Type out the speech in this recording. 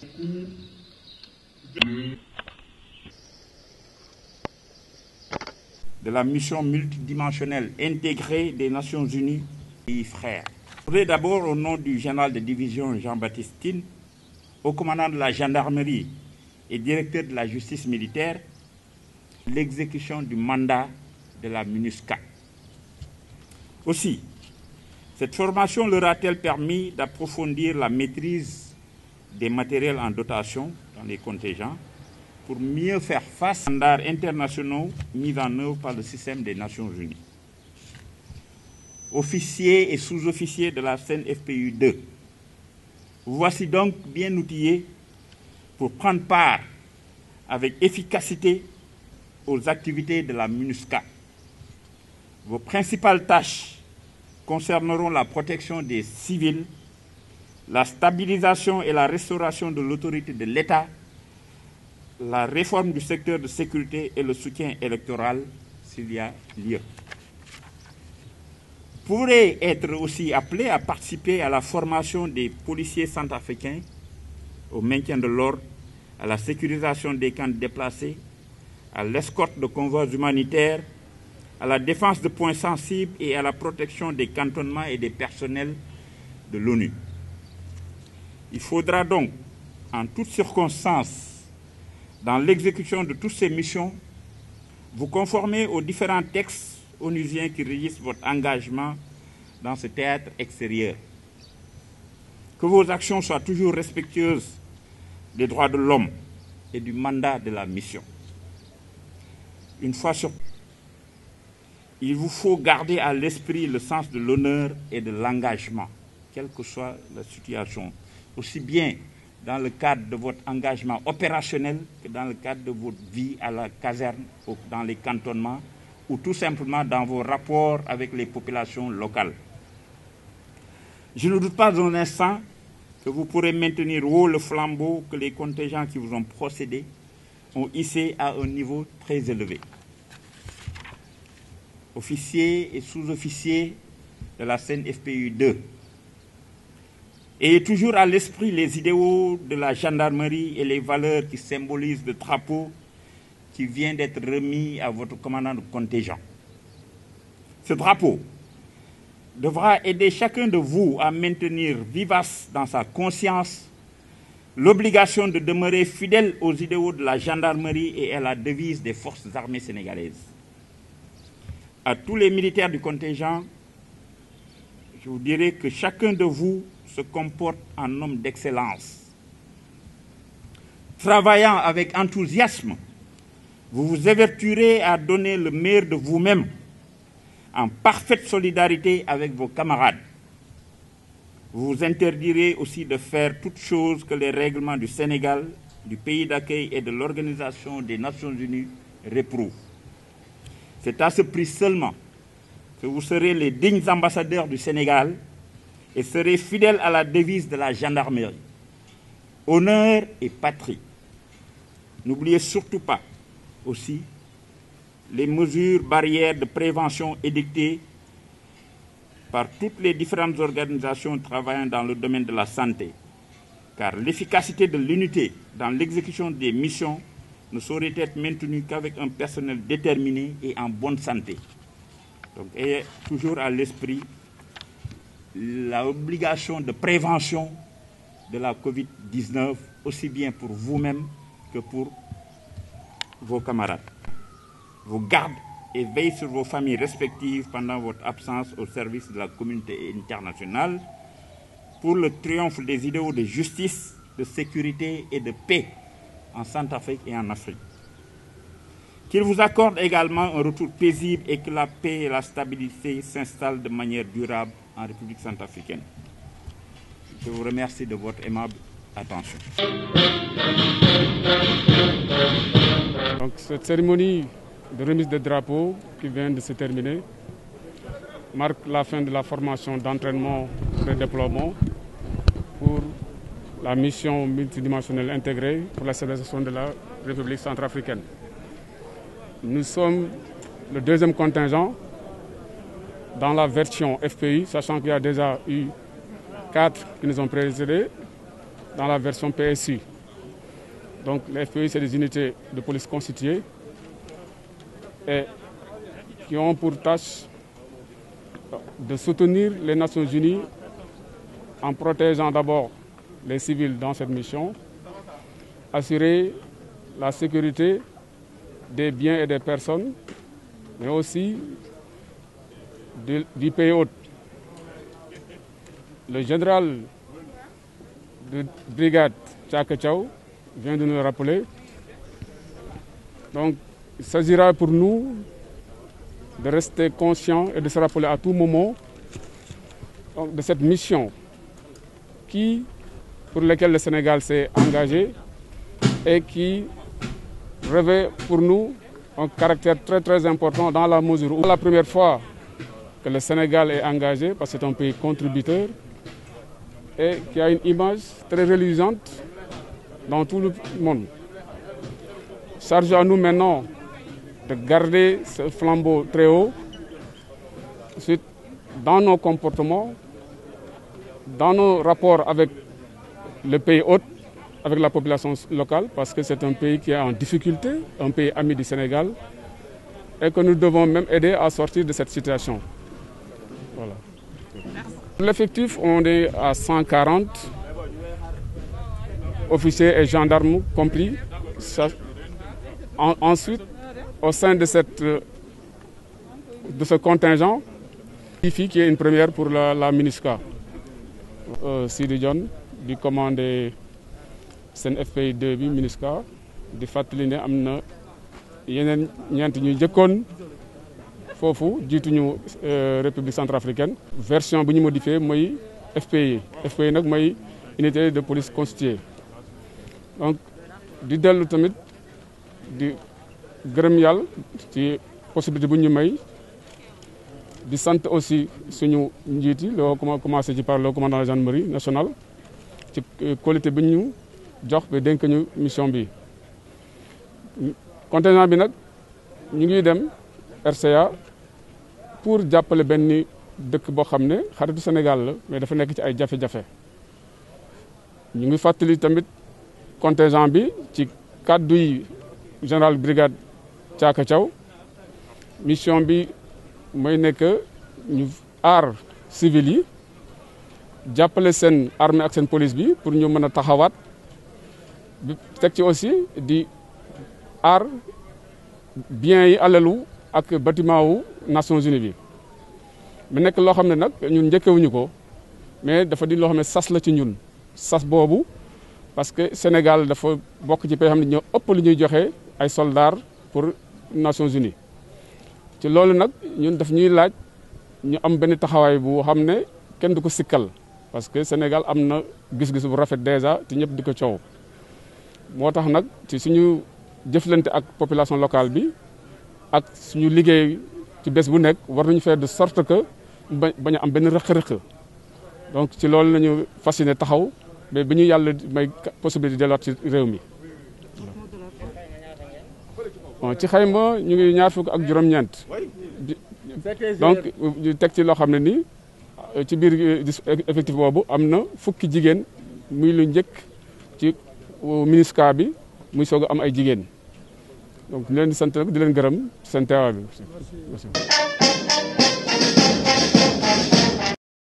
de la mission multidimensionnelle intégrée des Nations Unies et frères. Je voudrais d'abord, au nom du général de division Jean-Baptistine, au commandant de la gendarmerie et directeur de la justice militaire, l'exécution du mandat de la MINUSCA. Aussi, cette formation leur a-t-elle permis d'approfondir la maîtrise des matériels en dotation dans les contingents pour mieux faire face aux standards internationaux mis en œuvre par le système des Nations Unies. Officiers et sous-officiers de la scène FPU 2, voici donc bien outillés pour prendre part avec efficacité aux activités de la MINUSCA. Vos principales tâches concerneront la protection des civils la stabilisation et la restauration de l'autorité de l'État, la réforme du secteur de sécurité et le soutien électoral s'il y a lieu. pourraient être aussi appelés à participer à la formation des policiers centrafricains, au maintien de l'ordre, à la sécurisation des camps déplacés, à l'escorte de convois humanitaires, à la défense de points sensibles et à la protection des cantonnements et des personnels de l'ONU. Il faudra donc, en toutes circonstances, dans l'exécution de toutes ces missions, vous conformer aux différents textes onusiens qui régissent votre engagement dans ce théâtre extérieur. Que vos actions soient toujours respectueuses des droits de l'homme et du mandat de la mission. Une fois sur il vous faut garder à l'esprit le sens de l'honneur et de l'engagement, quelle que soit la situation aussi bien dans le cadre de votre engagement opérationnel que dans le cadre de votre vie à la caserne, ou dans les cantonnements, ou tout simplement dans vos rapports avec les populations locales. Je ne doute pas un instant que vous pourrez maintenir haut le flambeau que les contingents qui vous ont procédé ont hissé à un niveau très élevé. Officiers et sous-officiers de la scène FPU 2, et toujours à l'esprit les idéaux de la gendarmerie et les valeurs qui symbolisent le drapeau qui vient d'être remis à votre commandant de contingent. Ce drapeau devra aider chacun de vous à maintenir vivace dans sa conscience l'obligation de demeurer fidèle aux idéaux de la gendarmerie et à la devise des forces armées sénégalaises. À tous les militaires du contingent, je vous dirai que chacun de vous se comporte en homme d'excellence. Travaillant avec enthousiasme, vous vous évertuerez à donner le meilleur de vous-même en parfaite solidarité avec vos camarades. Vous vous interdirez aussi de faire toutes choses que les règlements du Sénégal, du pays d'accueil et de l'Organisation des Nations Unies réprouvent. C'est à ce prix seulement que vous serez les dignes ambassadeurs du Sénégal et serait fidèle à la devise de la gendarmerie. Honneur et patrie. N'oubliez surtout pas aussi les mesures barrières de prévention édictées par toutes les différentes organisations travaillant dans le domaine de la santé, car l'efficacité de l'unité dans l'exécution des missions ne saurait être maintenue qu'avec un personnel déterminé et en bonne santé. Donc ayez toujours à l'esprit l'obligation de prévention de la COVID-19, aussi bien pour vous-même que pour vos camarades. Vous gardez et veillez sur vos familles respectives pendant votre absence au service de la communauté internationale pour le triomphe des idéaux de justice, de sécurité et de paix en Centrafrique et en Afrique. Qu'il vous accorde également un retour paisible et que la paix et la stabilité s'installent de manière durable en République centrafricaine. Je vous remercie de votre aimable attention. cette cérémonie de remise de drapeaux qui vient de se terminer marque la fin de la formation d'entraînement de déploiement pour la mission multidimensionnelle intégrée pour la civilisation de la République centrafricaine. Nous sommes le deuxième contingent dans la version FPI, sachant qu'il y a déjà eu quatre qui nous ont précédés dans la version PSU. Donc les FPI, c'est des unités de police constituées et qui ont pour tâche de soutenir les Nations Unies en protégeant d'abord les civils dans cette mission, assurer la sécurité des biens et des personnes, mais aussi du, pays hôte, le général de brigade Tchaka vient de nous rappeler. Donc, il s'agira pour nous de rester conscients et de se rappeler à tout moment de cette mission qui, pour laquelle le Sénégal s'est engagé et qui revêt pour nous un caractère très très important dans la mesure où, la première fois, que le Sénégal est engagé parce que c'est un pays contributeur et qui a une image très reluisante dans tout le monde. Charge à nous maintenant de garder ce flambeau très haut dans nos comportements, dans nos rapports avec le pays hôte, avec la population locale, parce que c'est un pays qui est en difficulté, un pays ami du Sénégal, et que nous devons même aider à sortir de cette situation. L'effectif, on est à 140 officiers et gendarmes compris. ensuite, au sein de, cette, de ce contingent, il y a une première pour la, MINUSCA. Euh, John, du commandé FPI de bi MINUSCA de Amna il y foofu jiituñu euh, république centrafricaine version bu ñu modifié mooy FPI FPI nag mooy unité de police constituée donc di delu tamit di gërëm yal ci possibilité bu ñu may di sant aussi suñu njiit yi loo commencé ci par le commandant de la gendarmerie nationale ci euh, qualité bi ñu jox be denk ñu mission bi contingent bi nak ñu ngi dem RCA pour jàppale benn dëkk boo xam ne xaritu Sénégal la mais dafa nekk ci ay jafe-jafe ñu ngi fàttali tamit contingent bi ci kàddu yi général brigade Thiaka Thiaw mission bi mooy nekk ñu aar civil yi jàppale seen armée ak seen police bi pour ñu mën a taxawaat teg ci aussi di aar biens yi alalu ak bâtiment wu Nations Unies bi mu nekk loo xam ne nag ñun njëkkewuñu ko mais dafa di loo xam ne sas la ci ñun sas boobu parce que Sénégal dafa bokk ci pays xam ne ñoo ëpp lu ñuy joxe ay soldats pour Nations Unies ci loolu nag ñun daf ñuy laaj ñu am benn taxawaay bu xam ne kenn du ko sikkal parce que Sénégal am na gis-gis bu rafet déjà te ñëpp di ko coow moo tax nag ci suñu jëflante ak population locale bi ak suñu liggéey ci bés bu nekk war nañu faire de sorte que bañ a am benn rëq-rëq donc ci loolu lañu fas yéene taxaw mais bi ñu yàlla may possibilité delluwaat ci réew mi ci xayma ñu ngi ñaar fukk ak juróom-ñeent donc ñu teg ci loo xam ne nii euh, ci biir euh, effectif boobu am na fukki jigéen muy lu njëkk ci euh, MINUSCA bi muy soog am ay jigéen donc di leen di sant nag di leen gërëm sant teewaay bi.